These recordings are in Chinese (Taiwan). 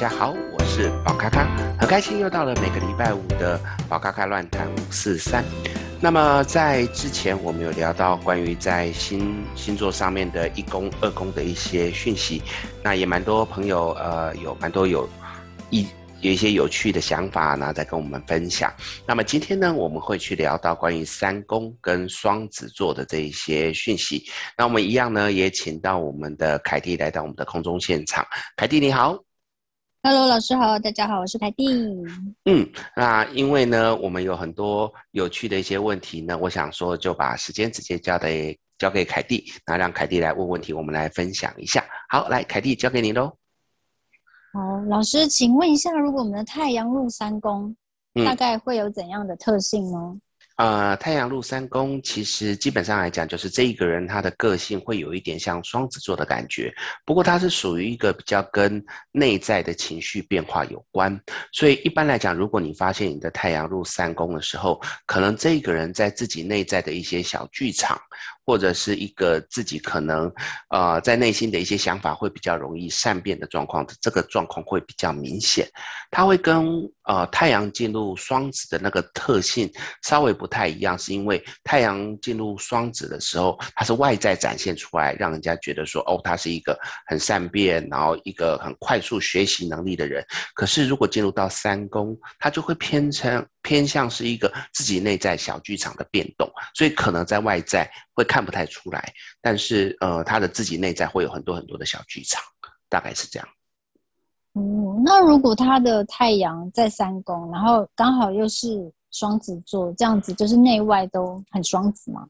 大家好，我是寶咖咖，很開心又到了每個禮拜五的寶咖咖亂談五四三。那麼在之前我們有聊到關於在星星座上面的一宮、二宮的一些訊息，那也蠻多朋友呃有蠻多有一，一有一些有趣的想法呢，然後在跟我們分享。那麼今天呢，我們會去聊到關於三宮跟雙子座的這一些訊息。那我們一樣呢，也請到我們的凱蒂來到我們的空中現場。凱蒂你好。Hello，老師好，大家好，我是凱蒂。嗯，那因為呢，我們有很多有趣的一些問題呢，我想說就把時間直接交給交給凱蒂，那讓凱蒂來問問題，我們來分享一下。好，來，凱蒂交給你嘍。好，老師，請問一下，如果我們的太陽入三宮，大概會有怎樣的特性呢？嗯呃，太陽入三宮，其實基本上來講，就是這一個人他的個性會有一點像雙子座的感覺。不過他是屬於一個比較跟內在的情緒變化有關，所以一般來講，如果你發現你的太陽入三宮的時候，可能這一個人在自己內在的一些小劇場。或者是一個自己可能，呃，在內心的一些想法會比較容易善變的狀況，這個狀況會比較明顯。它會跟呃太陽進入雙子的那個特性稍微不太一樣，是因為太陽進入雙子的時候，它是外在展現出來，讓人家覺得說，哦，他是一個很善變，然後一個很快速學習能力的人。可是如果進入到三宮，他就會偏成。偏向是一個自己內在小劇場的變動，所以可能在外在會看不太出來，但是呃，他的自己內在會有很多很多的小劇場，大概是這樣。嗯，那如果他的太陽在三宮，然後剛好又是雙子座，這樣子就是內外都很雙子嗎？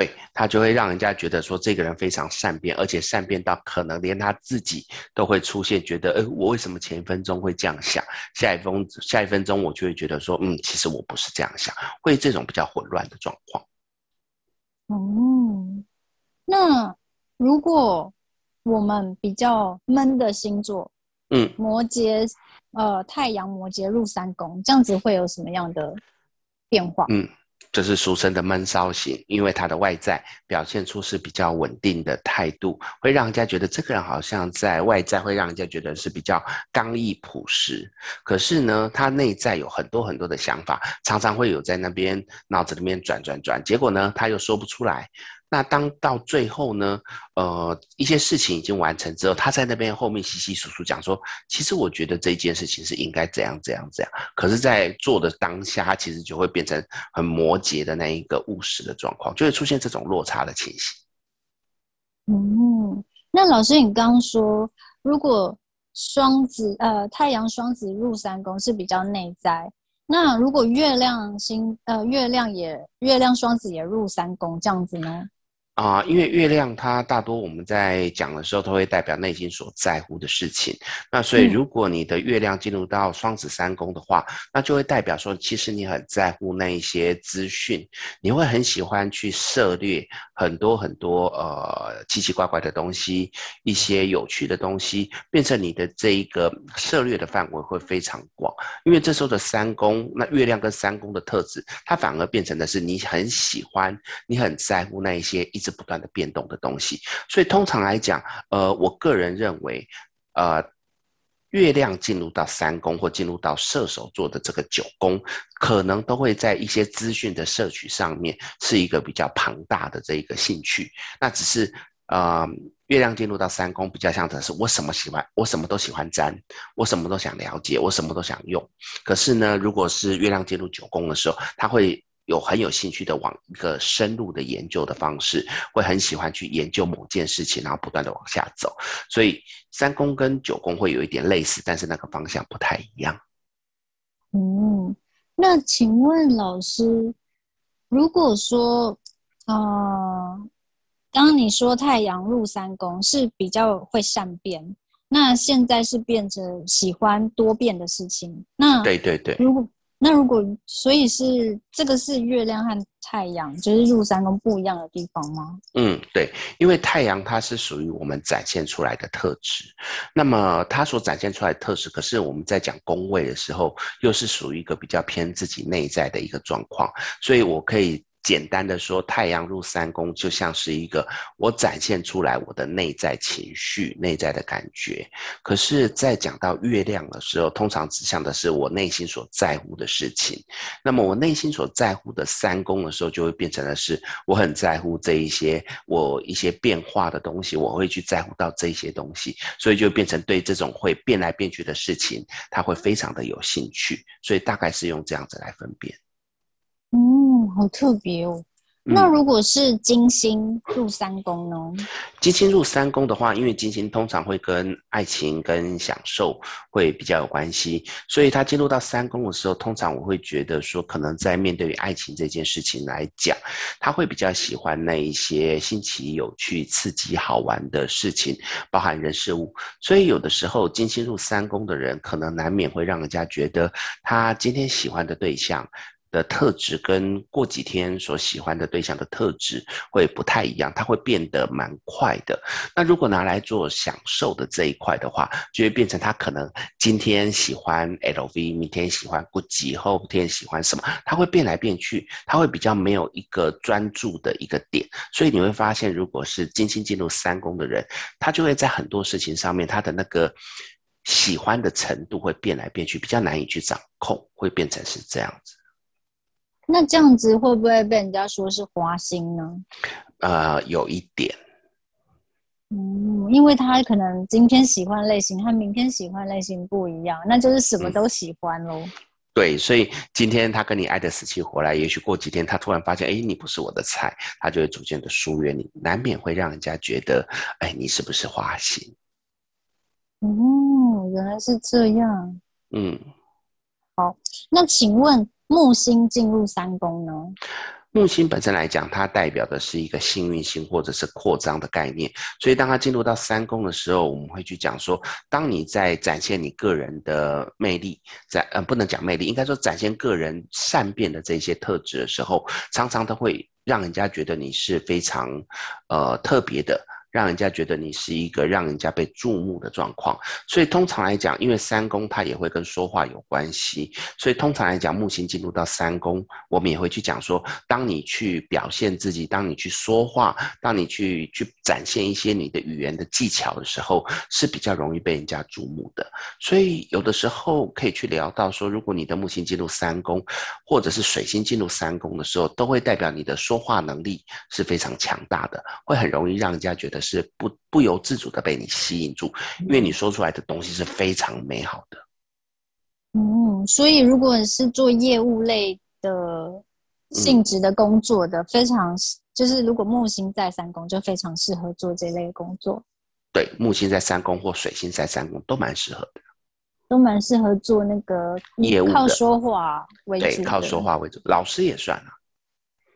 對，他就會讓人家覺得說，這個人非常善變，而且善變到可能連他自己都會出現覺得，哎，我為什麼前一分鐘會這樣想，下一分鐘下一分鐘我就會覺得說，嗯，其實我不是這樣想，會這種比較混亂的狀況。哦、嗯，那如果我們比較悶的星座，嗯，摩羯，呃，太陽摩羯入三宮，這樣子會有什麼樣的變化？嗯。這是俗稱的悶騷型，因為他的外在表現出是比較穩定的態度，會讓人家覺得這個人好像在外在會讓人家覺得是比較剛毅樸實。可是呢，他內在有很多很多的想法，常常會有在那邊腦子裡面轉轉轉，結果呢，他又說不出來。那當到最後呢，呃，一些事情已經完成之後，他在那邊後面細細數數講說，其實我覺得這件事情是應該這樣、這樣、這樣。可是，在做的當下，其實就會變成很摩羯的那一個務實的狀況，就會出現這種落差的情形。嗯，那老師，你剛剛說，如果雙子呃太陽雙子入三宮是比較內在，那如果月亮星呃月亮也月亮雙子也入三宮這樣子呢？啊、呃，因為月亮它大多我們在講的時候，它會代表內心所在乎的事情。那所以，如果你的月亮進入到雙子三宮的話，那就會代表說，其實你很在乎那一些資訊，你會很喜歡去涉獵。很多很多呃奇奇怪怪的東西，一些有趣的東西，變成你的這一個涉獵的範圍會非常廣，因為這時候的三宮，那月亮跟三宮的特質，它反而變成的是你很喜歡，你很在乎那一些一直不斷的變動的東西，所以通常來講，呃，我個人認為，呃。月亮進入到三宮或進入到射手座的這個九宮，可能都會在一些資訊的攝取上面是一個比較龐大的這一個興趣。那只是，呃，月亮進入到三宮比較像的是我什麼喜歡，我什麼都喜歡沾，我什麼都想了解，我什麼都想用。可是呢，如果是月亮進入九宮的時候，它會。有很有興趣的往一個深入的研究的方式，會很喜歡去研究某件事情，然後不斷的往下走。所以三宮跟九宮會有一點類似，但是那個方向不太一樣。嗯，那請問老師，如果說，呃，剛剛你說太陽入三宮是比較會善變，那現在是變成喜歡多變的事情。那對對對，如果。那如果，所以是這個是月亮和太陽，就是入三宮不一樣的地方嗎？嗯，對，因為太陽它是屬於我們展現出來的特質，那麼它所展現出來的特質，可是我們在講宮位的時候，又是屬於一個比較偏自己內在的一個狀況，所以我可以。簡單的說，太陽入三宮就像是一個我展現出來我的內在情緒、內在的感覺。可是，在講到月亮的時候，通常指向的是我內心所在乎的事情。那麼，我內心所在乎的三宮的時候，就會變成的是我很在乎這一些我一些變化的東西，我會去在乎到這些東西，所以就變成對這種會變來變去的事情，他會非常的有興趣。所以，大概是用這樣子來分辨。好特別哦、嗯！那如果是金星入三宮呢？嗯？金星入三宮的話，因為金星通常會跟愛情跟享受會比較有關係，所以他進入到三宮的時候，通常我會覺得說，可能在面對於愛情這件事情來講，他會比較喜歡那一些新奇、有趣、刺激、好玩的事情，包含人事物。所以有的時候，金星入三宮的人，可能難免會讓人家覺得他今天喜歡的對象。的特質跟過幾天所喜歡的對象的特質會不太一樣，他會變得蠻快的。那如果拿來做享受的這一塊的話，就會變成他可能今天喜歡 LV，明天喜歡 Gucci，後天喜歡什麼，他會變來變去，他會比較沒有一個專注的一個點。所以你會發現，如果是金星進入三宮的人，他就會在很多事情上面，他的那個喜歡的程度會變來變去，比較難以去掌控，會變成是這樣子。那這樣子會不會被人家說是花心呢？呃，有一點。嗯，因為他可能今天喜歡的類型和明天喜歡的類型不一樣，那就是什麼都喜歡嘍，嗯。對，所以今天他跟你愛得死去活來，也許過幾天他突然發現，哎，你不是我的菜，他就會逐漸的疏遠你，難免會讓人家覺得，哎，你是不是花心？嗯，原來是這樣。嗯，好，那請問。木星進入三宮呢？木星本身來講，它代表的是一個幸運星或者是擴張的概念。所以，當它進入到三宮的時候，我們會去講說，當你在展現你個人的魅力，在，呃，不能講魅力，應該說展現個人善變的這些特質的時候，常常都會讓人家覺得你是非常，呃，特別的。讓人家覺得你是一個讓人家被注目的狀況，所以通常來講，因為三宮它也會跟說話有關係，所以通常來講，木星進入到三宮，我們也會去講說，當你去表現自己，當你去說話，當你去去展現一些你的語言的技巧的時候，是比較容易被人家注目的。所以有的時候可以去聊到說，如果你的木星進入三宮，或者是水星進入三宮的時候，都會代表你的說話能力是非常強大的，會很容易讓人家覺得。是不不由自主的被你吸引住，因為你說出來的東西是非常美好的。嗯，所以如果你是做業務類的性質的工作的，嗯、非常就是如果木星在三宮，就非常適合做這類工作。對，木星在三宮或水星在三宮都蠻適合的，都蠻適合做那個業務，靠說話為主。對，靠說話為主。老師也算啊。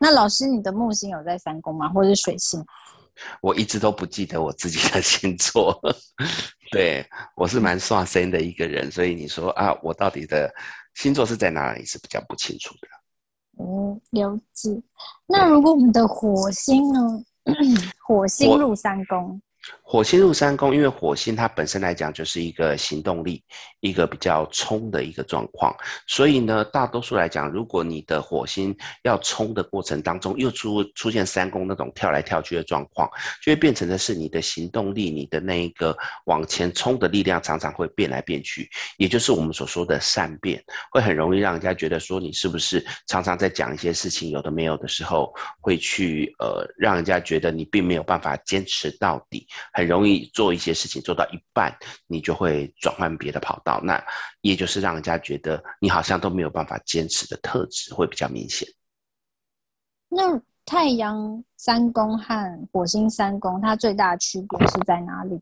那老師，你的木星有在三宮嗎？或者是水星？我一直都不記得我自己的星座， 對，我是蠻上升的一個人，所以你說啊，我到底的星座是在哪裡是比較不清楚的。哦、嗯，了解。那如果我們的火星呢？嗯、火星入三宮。火星入三宮，因為火星它本身來講就是一個行動力，一個比較衝的一個狀況。所以呢，大多數來講，如果你的火星要衝的過程當中，又出出現三宮那種跳來跳去的狀況，就會變成的是你的行動力，你的那一個往前衝的力量常常會變來變去，也就是我們所說的善變，會很容易讓人家覺得說你是不是常常在講一些事情有的沒有的時候，會去，呃，讓人家覺得你並沒有辦法堅持到底。很容易做一些事情，做到一半，你就會轉換別的跑道。那也就是讓人家覺得你好像都沒有辦法堅持的特質會比較明顯。那太陽三宮和火星三宮，它最大的區別是在哪裡？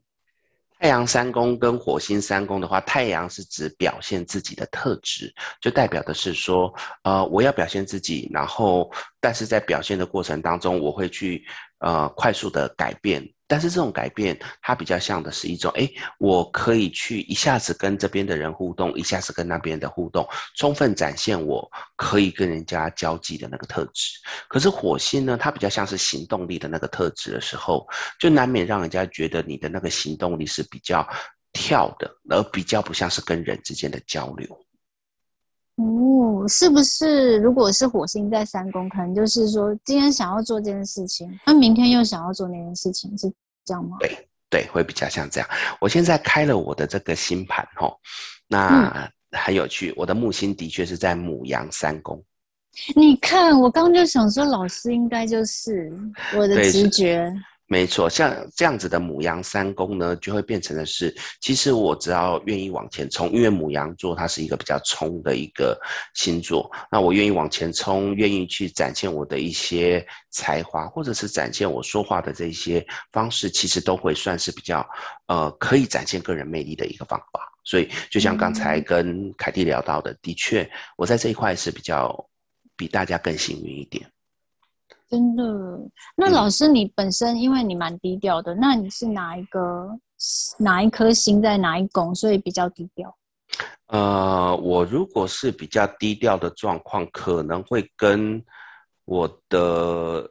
太陽三宮跟火星三宮的話，太陽是指表現自己的特質，就代表的是說，呃，我要表現自己，然後但是在表現的過程當中，我會去呃快速的改變。但是這種改變，它比較像的是一種，欸，我可以去一下子跟這邊的人互動，一下子跟那邊的互動，充分展現我可以跟人家交際的那個特質。可是火星呢，它比較像是行動力的那個特質的時候，就難免讓人家覺得你的那個行動力是比較跳的，而比較不像是跟人之間的交流。哦、嗯，是不是如果是火星在三宮，可能就是說今天想要做這件事情，那明天又想要做那件事情，是這樣嗎？對對，會比較像這樣。我現在開了我的這個星盤哈、哦，那、嗯、很有趣，我的木星的確是在牡羊三宮。你看，我剛就想說，老師應該就是我的直覺。沒錯，像這樣子的牡羊三宮呢，就會變成的是，其實我只要願意往前衝，因為牡羊座它是一個比較衝的一個星座，那我願意往前衝，願意去展現我的一些才華，或者是展現我說話的這些方式，其實都會算是比較，呃，可以展現個人魅力的一個方法。所以，就像剛才跟凱蒂聊到的、嗯，的確，我在這一塊是比較比大家更幸運一點。真的，那老師，你本身因為你蠻低調的、嗯，那你是哪一個哪一顆星在哪一宮，所以比較低調？呃，我如果是比較低調的狀況，可能會跟我的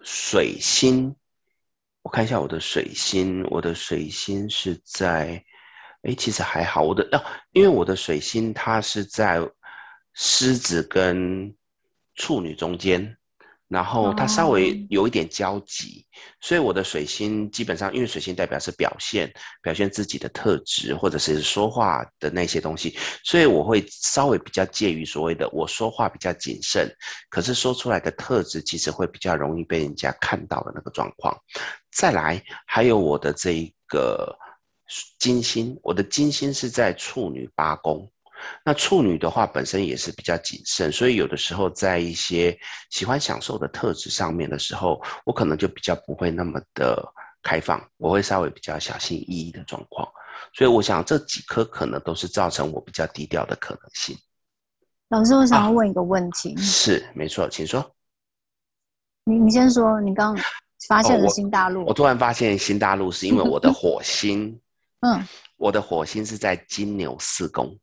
水星。我看一下我的水星，我的水星是在，哎、欸，其實還好，我的、啊、因為我的水星它是在獅子跟處女中間。然後他稍微有一點交集，oh. 所以我的水星基本上，因為水星代表是表現、表現自己的特質，或者是說話的那些東西，所以我會稍微比較介於所謂的我說話比較謹慎，可是說出來的特質其實會比較容易被人家看到的那個狀況。再來，還有我的這一個金星，我的金星是在處女八宮。那處女的話本身也是比較謹慎，所以有的時候在一些喜歡享受的特質上面的時候，我可能就比較不會那麼的開放，我會稍微比較小心翼翼的狀況。所以我想這幾顆可能都是造成我比較低調的可能性。老師，我想要問一個問題。啊，是，沒錯，請說。你你先說，你剛發現了新大陸。哦，我突然發現新大陸，是因為我的火星， 嗯，我的火星是在金牛四宮。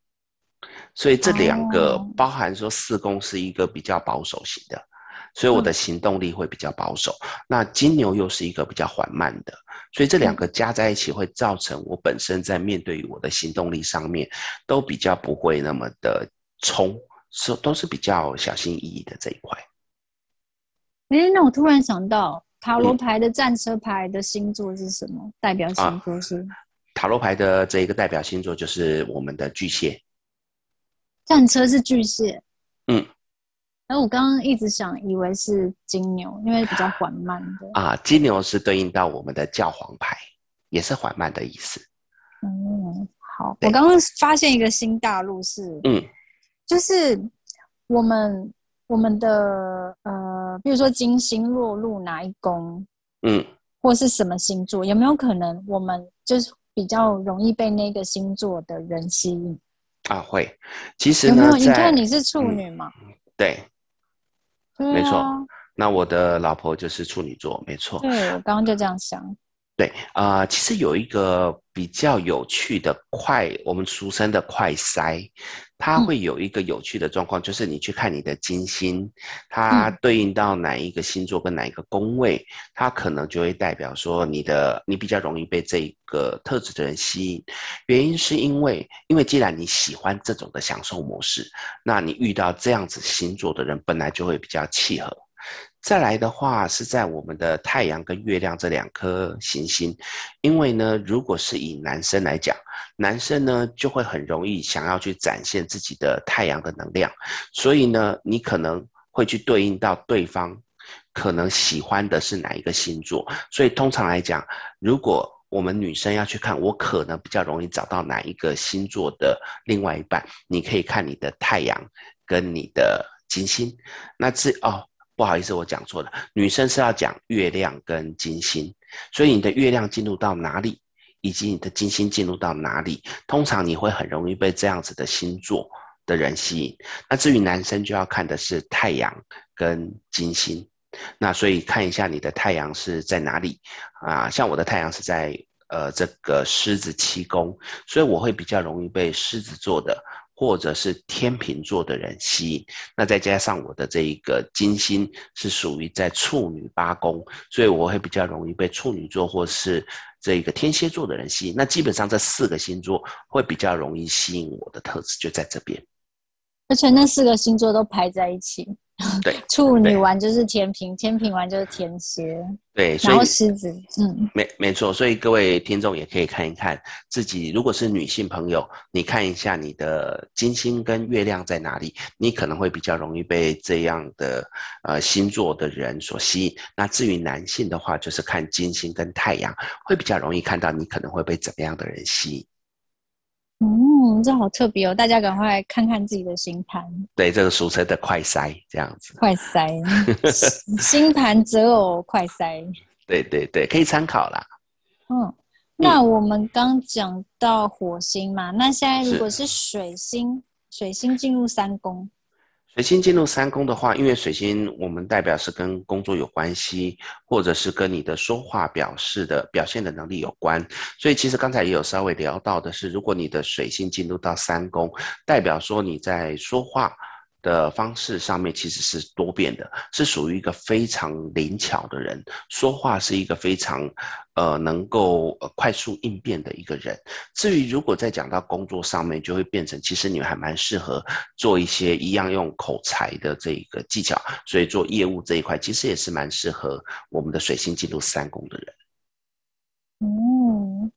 所以這兩個包含說，四宮是一個比較保守型的，Oh. 所以我的行動力會比較保守。Oh. 那金牛又是一個比較緩慢的，所以這兩個加在一起會造成我本身在面對於我的行動力上面，都比較不會那麼的衝，是都是比較小心翼翼的這一塊。哎，那我突然想到，塔羅牌的戰車牌的星座是什麼？代表星座是？啊，塔羅牌的這一個代表星座就是我們的巨蟹。戰車是巨蟹，嗯，然後我剛剛一直想，以為是金牛，因為比較緩慢的。啊，金牛是對應到我們的教皇牌，也是緩慢的意思。嗯，好，我剛剛發現一個新大陸是，嗯，就是我們我們的呃，比如說金星落入哪一宮，嗯，或是什麼星座，有沒有可能我們就是比較容易被那個星座的人吸引？啊會，其實呢，有沒有？你看你是處女嘛，嗯？對，對，啊，沒錯。那我的老婆就是處女座，沒錯。對，我剛剛就這樣想。對啊，呃，其實有一個。比較有趣的快，我們俗稱的快塞，它會有一個有趣的狀況，嗯，就是你去看你的金星，它對應到哪一個星座跟哪一個宮位，它可能就會代表說，你的你比較容易被這個特質的人吸引，原因是因為，因為既然你喜歡這種的享受模式，那你遇到這樣子星座的人，本來就會比較契合。再來的話是在我們的太陽跟月亮這兩顆行星，因為呢，如果是以男生來講，男生呢就會很容易想要去展現自己的太陽的能量，所以呢，你可能會去對應到對方可能喜歡的是哪一個星座。所以通常來講，如果我們女生要去看，我可能比較容易找到哪一個星座的另外一半，你可以看你的太陽跟你的金星，那這哦。不好意思，我講錯了。女生是要講月亮跟金星，所以你的月亮進入到哪裡，以及你的金星進入到哪裡，通常你會很容易被這樣子的星座的人吸引。那至於男生就要看的是太陽跟金星，那所以看一下你的太陽是在哪裡啊？像我的太陽是在呃這個獅子七宮，所以我會比較容易被獅子座的。或者是天秤座的人吸引，那再加上我的這一個金星是屬於在處女八宮，所以我會比較容易被處女座或是這個天蠍座的人吸引。那基本上這四個星座會比較容易吸引我的特質，就在這邊。而且那四個星座都排在一起。對，處女完就是天秤，天秤完就是天蠍，對，然後獅子，嗯，沒沒錯，所以各位聽眾也可以看一看自己，如果是女性朋友，你看一下你的金星跟月亮在哪裡，你可能會比較容易被這樣的呃星座的人所吸引。那至於男性的話，就是看金星跟太陽，會比較容易看到你可能會被怎麼樣的人吸引。嗯，這好特別哦！大家趕快看看自己的星盤。對，這個俗稱的快篩，這樣子。快篩， 星盤擇偶快篩。對對對，可以參考啦。嗯，那我們剛講到火星嘛，那現在如果是水星，水星進入三宮。水星進入三宮的話，因為水星我們代表是跟工作有關係，或者是跟你的說話表示的表現的能力有關，所以其實剛才也有稍微聊到的是，如果你的水星進入到三宮，代表說你在說話的方式上面其實是多變的，是屬於一個非常靈巧的人，說話是一個非常，呃，能夠快速應變的一個人。至於如果再講到工作上面，就會變成其實你們還蠻適合做一些一樣用口才的這一個技巧，所以做業務這一塊其實也是蠻適合我們的水星進入三宮的人。哦、嗯，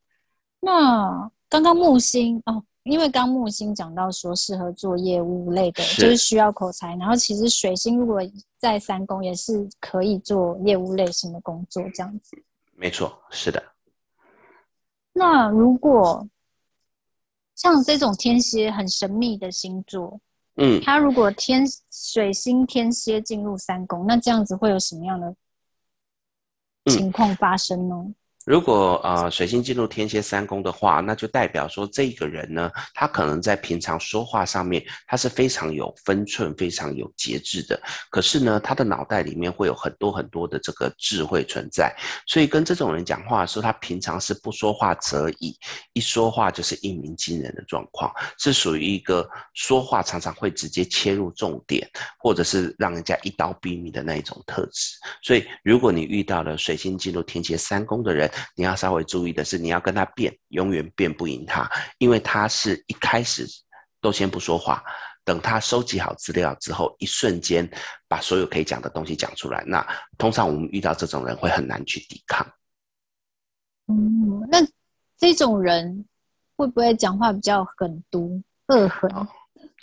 那剛剛木星啊。哦因為剛木星講到說適合做業務類的，就是需要口才。然後其實水星如果在三宮也是可以做業務類型的工作，這樣子。沒錯，是的。那如果像這種天蠍很神秘的星座，嗯，他如果天水星天蠍進入三宮，那這樣子會有什麼樣的情況發生呢？嗯如果呃水星進入天蠍三宮的話，那就代表說這一個人呢，他可能在平常說話上面，他是非常有分寸、非常有節制的。可是呢，他的腦袋裡面會有很多很多的這個智慧存在。所以跟這種人講話的時候，他平常是不說話則已，一說話就是一鳴驚人的狀況，是屬於一個說話常常會直接切入重點，或者是讓人家一刀斃命的那一種特質。所以如果你遇到了水星進入天蠍三宮的人，你要稍微注意的是，你要跟他辯，永遠辯不贏他，因為他是一開始都先不說話，等他收集好資料之後，一瞬間把所有可以講的東西講出來。那通常我們遇到這種人會很難去抵抗。嗯，那這種人會不會講話比較狠毒、惡、嗯、狠？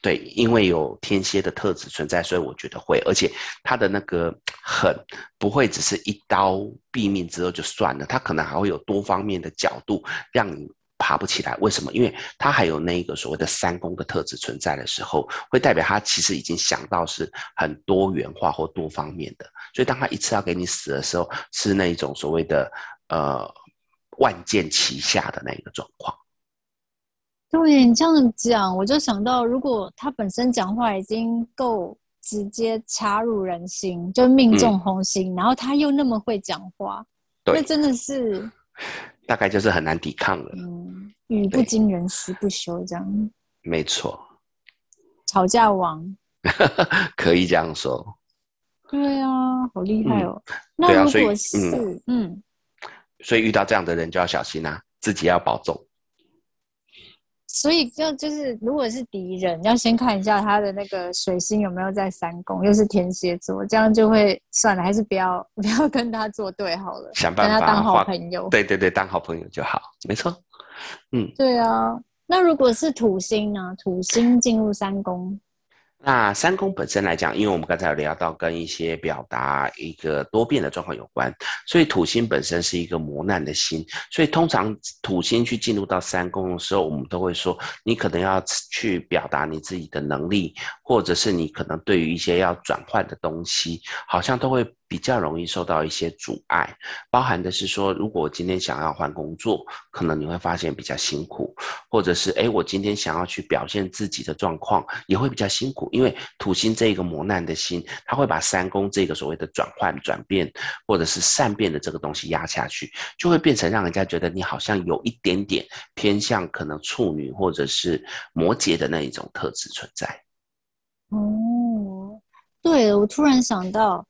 對，因為有天蠍的特質存在，所以我覺得會，而且他的那個狠不會只是一刀斃命之後就算了，他可能還會有多方面的角度讓你爬不起來。為什麼？因為他還有那個所謂的三宮的特質存在的時候，會代表他其實已經想到是很多元化或多方面的，所以當他一次要給你死的時候，是那一種所謂的呃萬箭齊下的那一個狀況。對，你這樣講，我就想到，如果他本身講話已經夠直接插入人心，就命中紅心，嗯、然後他又那麼會講話，對，那真的是，大概就是很難抵抗了。嗯，語不驚人死不休，這樣。沒錯。吵架王， 可以這樣說。對啊，好厲害哦。嗯、那如果是、啊、嗯、嗯，所以遇到這樣的人就要小心啊，自己要保重。所以要就，就是，如果是敵人，要先看一下他的那個水星有沒有在三宮，又、就是天蠍座，這樣就會算了，還是不要不要跟他作對好了，想辦法跟他當好朋友。對對對，當好朋友就好，沒錯。嗯，對啊。那如果是土星呢？土星進入三宮。那三宮本身來講，因為我們剛才有聊到跟一些表達一個多變的狀況有關，所以土星本身是一個磨難的星，所以通常土星去進入到三宮的時候，我們都會說，你可能要去表達你自己的能力，或者是你可能對於一些要轉換的東西，好像都會。比較容易受到一些阻礙，包含的是說，如果我今天想要換工作，可能你會發現比較辛苦，或者是誒我今天想要去表現自己的狀況也會比較辛苦，因為土星這一個磨難的星，它會把三宮這個所謂的轉換、轉變，或者是善變的這個東西壓下去，就會變成讓人家覺得你好像有一點點偏向可能處女或者是摩羯的那一種特質存在。哦，對，我突然想到。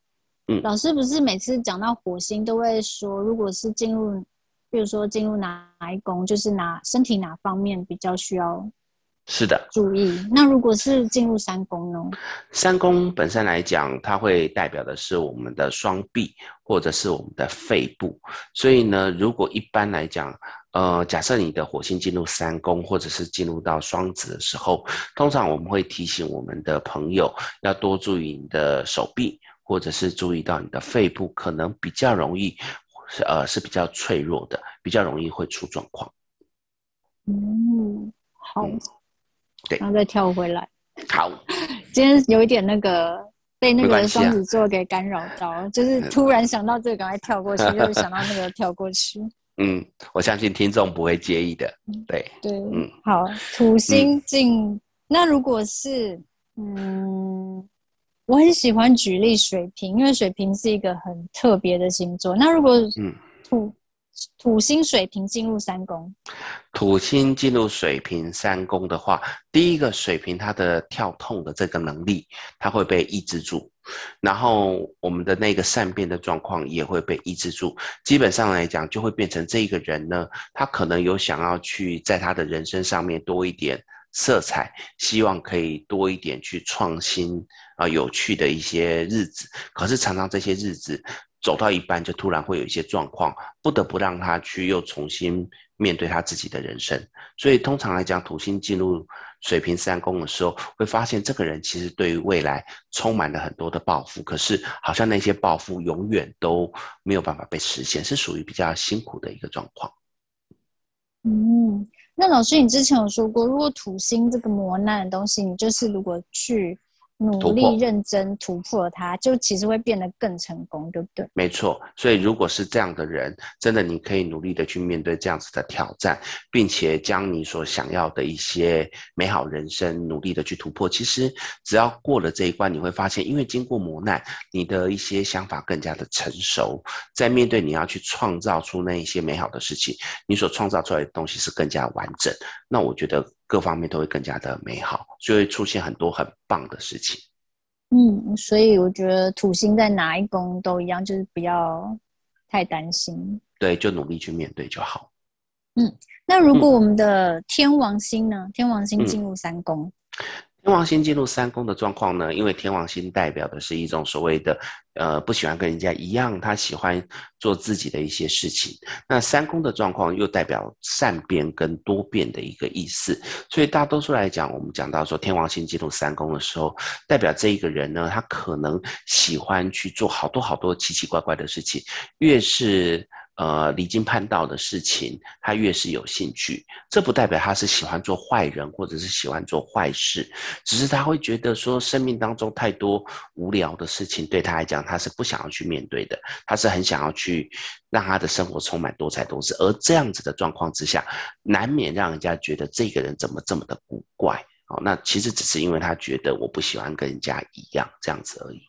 嗯，老師不是每次講到火星都會說，如果是進入，比如說進入哪一宮，就是哪身體哪方面比較需要是的注意。那如果是進入三宮呢？三宮本身來講，它會代表的是我們的雙臂或者是我們的肺部。所以呢，如果一般來講，呃，假設你的火星進入三宮或者是進入到雙子的時候，通常我們會提醒我們的朋友要多注意你的手臂。或者是注意到你的肺部，可能比較容易，呃，是比較脆弱的，比較容易會出狀況。嗯，好，嗯，對，然後再跳回來。好， 今天有一點那個被那個雙子座給干擾到，啊，就是突然想到這個，趕快跳過去，又 想到那個，跳過去。嗯，我相信聽眾不會介意的。對，對，嗯，好，土星進、嗯，那如果是嗯。我很喜歡舉例水瓶，因為水瓶是一個很特別的星座。那如果土、嗯、土星水瓶進入三宮，土星進入水瓶三宮的話，第一個水瓶它的跳痛的這個能力，它會被抑制住，然後我們的那個善變的狀況也會被抑制住。基本上來講，就會變成這一個人呢，他可能有想要去在他的人生上面多一點。色彩，希望可以多一點去創新啊、呃，有趣的一些日子。可是常常這些日子走到一半，就突然會有一些狀況，不得不讓他去又重新面對他自己的人生。所以通常來講，土星進入水瓶三宮的時候，會發現這個人其實對於未來充滿了很多的抱負，可是好像那些抱負永遠都沒有辦法被實現，是屬於比較辛苦的一個狀況。嗯。那老師，你之前有說過，如果土星這個磨難的東西，你就是如果去。努力認真突破它，突破就其實會變得更成功，對不對？沒錯，所以如果是這樣的人，真的你可以努力的去面對這樣子的挑戰，並且將你所想要的一些美好人生努力的去突破。其實只要過了這一關，你會發現，因為經過磨難，你的一些想法更加的成熟。在面對你要去創造出那一些美好的事情，你所創造出來的東西是更加完整。那我覺得。各方面都會更加的美好，就會出現很多很棒的事情。嗯，所以我覺得土星在哪一宮都一樣，就是不要太擔心。對，就努力去面對就好。嗯，那如果我們的天王星呢？嗯，天王星進入三宮。嗯。嗯。天王星進入三宮的狀況呢？因為天王星代表的是一種所謂的，呃，不喜歡跟人家一樣，他喜歡做自己的一些事情。那三宮的狀況又代表善變跟多變的一個意思。所以大多數來講，我們講到說天王星進入三宮的時候，代表這一個人呢，他可能喜歡去做好多好多奇奇怪怪的事情，越是。呃，離經叛道的事情，他越是有興趣，這不代表他是喜歡做壞人，或者是喜歡做壞事，只是他會覺得說，生命當中太多無聊的事情，對他來講，他是不想要去面對的，他是很想要去讓他的生活充滿多彩多姿，而這樣子的狀況之下，難免讓人家覺得這個人怎麼這麼的古怪。哦，那其實只是因為他覺得我不喜歡跟人家一樣這樣子而已。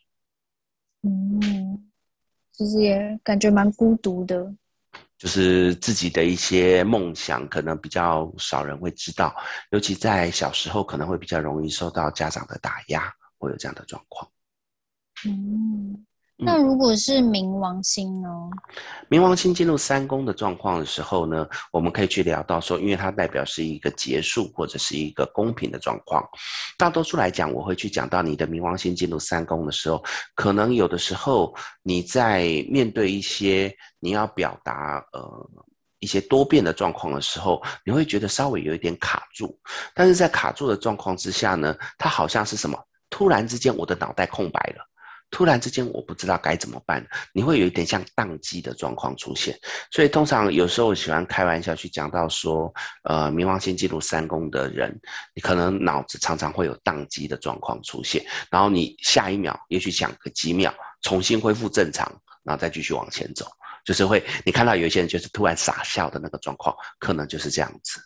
嗯，其實也感覺蠻孤獨的。就是自己的一些夢想，可能比較少人會知道，尤其在小時候，可能會比較容易受到家長的打壓，會有這樣的狀況。嗯。那如果是冥王星呢？嗯，冥王星進入三宮的狀況的時候呢，我們可以去聊到說，因為它代表是一個結束或者是一個公平的狀況。大多數來講，我會去講到你的冥王星進入三宮的時候，可能有的時候你在面對一些你要表達呃一些多變的狀況的時候，你會覺得稍微有一點卡住。但是在卡住的狀況之下呢，它好像是什麼？突然之間，我的腦袋空白了。突然之間，我不知道該怎麼辦，你會有一點像當機的狀況出現。所以通常有時候我喜歡開玩笑去講到說，呃，冥王星進入三宮的人，你可能腦子常常會有當機的狀況出現，然後你下一秒，也許想個幾秒，重新恢復正常，然後再繼續往前走，就是會你看到有一些人就是突然傻笑的那個狀況，可能就是這樣子。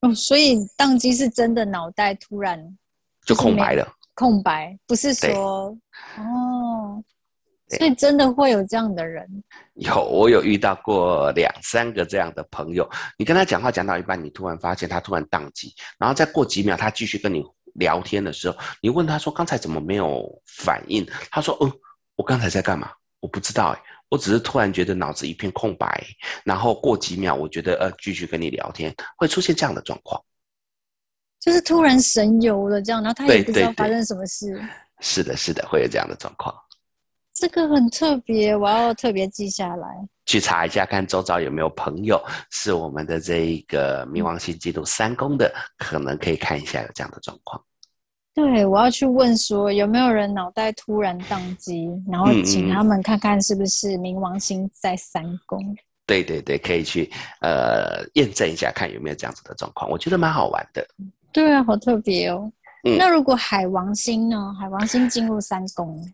哦，所以當機是真的，腦袋突然就空白了，空白不是說。哦，所以真的會有這樣的人？有，我有遇到過兩三個這樣的朋友。你跟他講話講到一半，你突然發現他突然當機，然後再過幾秒，他繼續跟你聊天的時候，你問他說：“剛才怎麼沒有反應？”他說：“哦、嗯，我剛才在幹嘛？我不知道，哎，我只是突然覺得腦子一片空白。”然後過幾秒，我覺得呃，繼續跟你聊天，會出現這樣的狀況，就是突然神遊了這樣，然後他也不知道發生什麼事。是的，是的，會有這樣的狀況，這個很特別，我要特別記下來。去查一下，看周遭有沒有朋友是我們的這一個冥王星記錄三宮的，可能可以看一下有這樣的狀況。對，我要去問說有沒有人腦袋突然當機，然後請他們看看是不是冥王星在三宮。嗯嗯。對對對，可以去呃驗證一下，看有沒有這樣子的狀況，我覺得蠻好玩的。對啊，好特別哦。 那如果海王星呢？海王星進入三宮。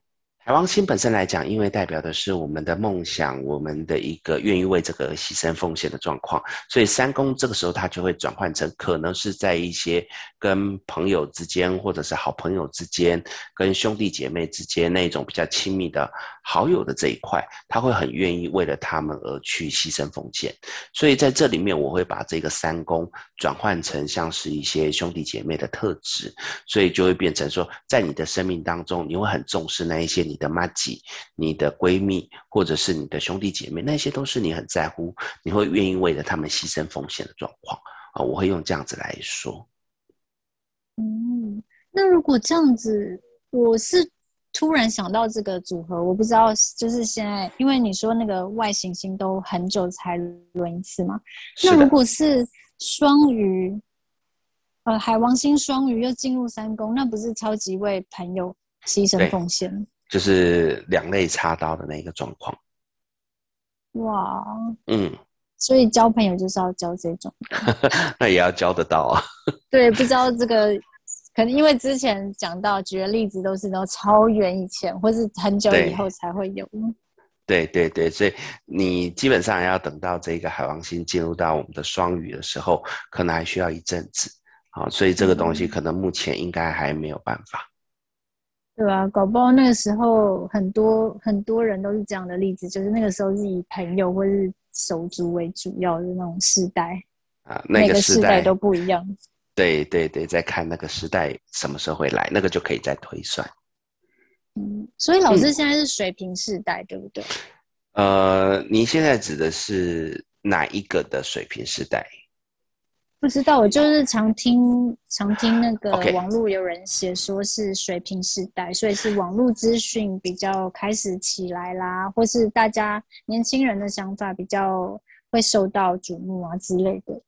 海王星本身來講，因為代表的是我們的夢想，我們的一個願意為這個而犧牲奉獻的狀況，所以三宮這個時候它就會轉換成可能是在一些跟朋友之間，或者是好朋友之間，跟兄弟姐妹之間那種比較親密的好友的這一塊，他會很願意為了他們而去犧牲奉獻。所以在這裡面，我會把這個三宮轉換成像是一些兄弟姐妹的特質，所以就會變成說，在你的生命當中，你會很重視那一些你。你的麻吉，你的閨蜜或者是你的兄弟姐妹，那些都是你很在乎，你會願意為了他們犧牲奉獻的狀況啊！我會用這樣子來說。嗯，那如果這樣子，我是突然想到這個組合，我不知道，就是現在，因為你說那個外行星都很久才輪一次嘛。那如果是雙魚，呃，海王星雙魚又進入三宮，那不是超級為朋友犧牲奉獻？就是兩肋插刀的那個狀況，哇，嗯，所以交朋友就是要交這種， 那也要交得到啊、哦。對，不知道這個，可能因為之前講到舉的例子都是那種超遠以前、嗯、或是很久以後才會有對。對對對，所以你基本上要等到這個海王星進入到我們的雙魚的時候，可能還需要一陣子。好、啊，所以這個東西可能目前應該還沒有辦法。嗯對啊，搞不好那個時候很多很多人都是這樣的例子，就是那個時候是以朋友或是手足為主要的那種世代啊，每、那個時代，哪個時代都不一樣。對對對，再看那個時代什麼時候會來，那個就可以再推算。嗯，所以老師現在是水瓶世代，嗯、對不對？呃，你現在指的是哪一個的水瓶世代？不知道，我就是常聽常聽那個網絡有人寫說是水瓶時代。okay. 所以是網絡資訊比較開始起來啦，或是大家年輕人的想法比較會受到矚目啊之類的。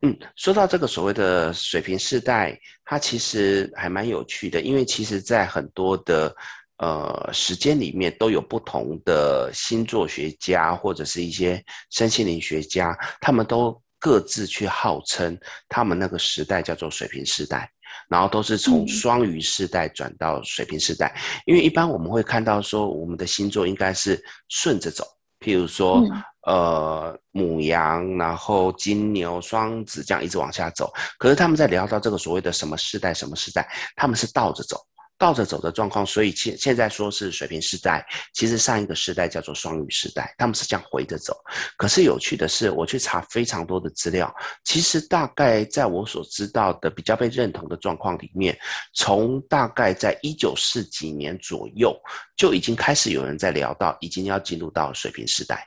嗯，說到這個所謂的水瓶時代，它其實還蠻有趣的，因為其實在很多的呃時間裡面都有不同的星座學家或者是一些身心靈學家，他們都。各自去號稱他們那個時代叫做水瓶時代，然後都是從雙魚時代轉到水瓶時代。嗯，因為一般我們會看到說我們的星座應該是順着走，譬如說、嗯、呃牡羊，然後金牛、雙子這樣一直往下走，可是他們在聊到這個所謂的什麼時代、什麼時代，他們是倒着走。倒着走的狀況，所以現現在說是水瓶時代，其實上一個時代叫做雙魚時代，他們是這樣迴着走。可是有趣的是，我去查非常多的資料，其實大概在我所知道的比較被認同的狀況裡面，從大概在一九四幾年左右就已經開始有人在聊到，已經要進入到水瓶時代。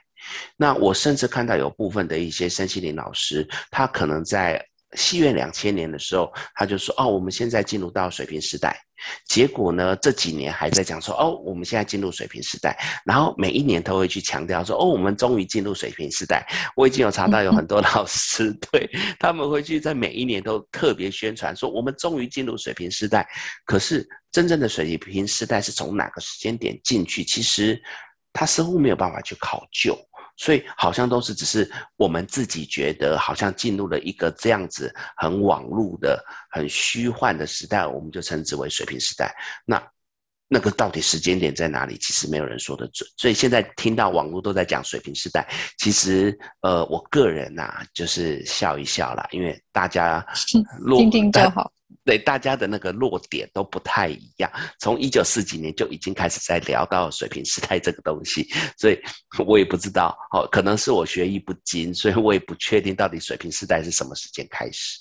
那我甚至看到有部分的一些身心靈老師，他可能在。西元兩千年的時候，他就說：“哦，我們現在進入到水瓶時代。”結果呢，這幾年還在講說：“哦，我們現在進入水瓶時代。”然後每一年都會去強調說：“哦，我們終於進入水瓶時代。”我已經有查到有很多老師，對，他們會去在每一年都特別宣傳說：“我們終於進入水瓶時代。”可是真正的水瓶時代是從哪個時間點進去？其實他似乎沒有辦法去考究。所以好像都是只是我們自己覺得好像進入了一個這樣子很網路的、很虛幻的時代，我們就稱之為水瓶時代。那那個到底時間點在哪裡？其實沒有人說得準。所以現在聽到網絡都在講水瓶時代，其實呃，我個人吶、啊、就是笑一笑啦，因為大家，定、嗯、定就好。對，大家的那個落點都不太一樣，從一九四幾年就已經開始在聊到水瓶時代這個東西，所以我也不知道，哦，可能是我學藝不精，所以我也不確定到底水瓶時代是什麼時間開始。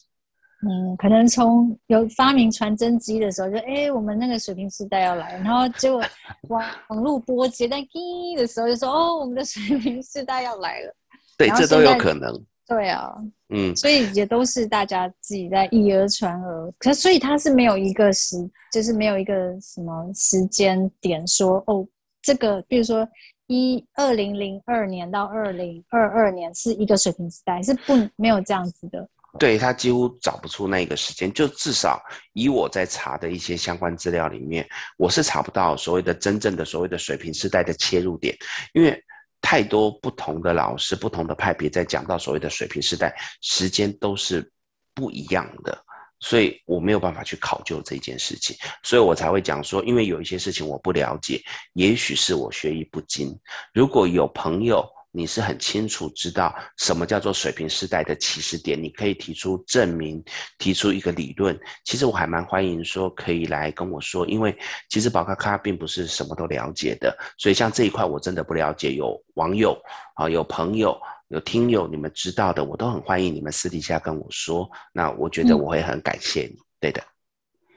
嗯，可能從有發明傳真機的時候，就哎、欸、我們那個水瓶時代要來了，然後就往路 結果網網絡波接單機的時候就說，哦，我們的水瓶時代要來了，對，這都有可能。對啊，嗯，所以也都是大家自己在以訛傳訛，可所以他是沒有一個時，就是沒有一個什麼時間點說哦，這個比如說一二零零二年到二零二二年是一個水瓶時代，是不、嗯、沒有這樣子的。對他幾乎找不出那一個時間，就至少以我在查的一些相關資料裡面，我是查不到所謂的真正的所謂的水瓶時代的切入點，因為。太多不同的老師、不同的派別在講到所謂的水瓶時代，時間都是不一樣的，所以我沒有辦法去考究這件事情，所以我才會講說，因為有一些事情我不了解，也許是我學藝不精。如果有朋友，你是很清楚知道什麼叫做水瓶時代的起始點，你可以提出證明，提出一個理論，其實我還蠻歡迎說可以來跟我說，因為其實寶咖咖並不是什麼都了解的，所以像這一塊我真的不了解。有網友啊，有朋友，有聽友，你們知道的，我都很歡迎你們私底下跟我說。那我覺得我會很感謝你，嗯、對的。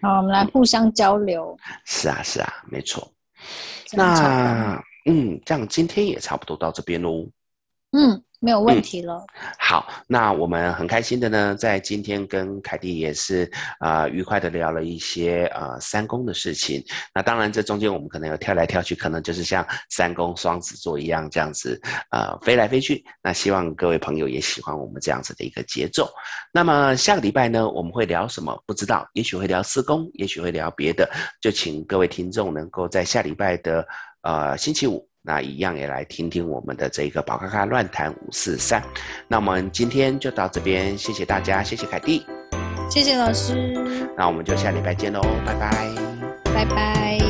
好，我們來互相交流。是啊，是啊，沒錯。那。嗯，這樣今天也差不多到這邊嘍。嗯，沒有問題了、嗯。好，那我們很開心的呢，在今天跟凱蒂也是啊、呃，愉快的聊了一些啊三宮的事情。那當然，這中間我們可能有跳來跳去，可能就是像三宮雙子座一樣這樣子啊、呃、飛來飛去。那希望各位朋友也喜歡我們這樣子的一個節奏。那麼下個禮拜呢，我們會聊什麼？不知道，也許會聊四宮，也許會聊別的。就請各位聽眾能夠在下禮拜的。呃，星期五，那一樣也來聽聽我們的這個寶咖咖亂談五四三。那我們今天就到這邊，謝謝大家，謝謝凱蒂，謝謝老師。那我們就下禮拜見囉，拜拜，拜拜。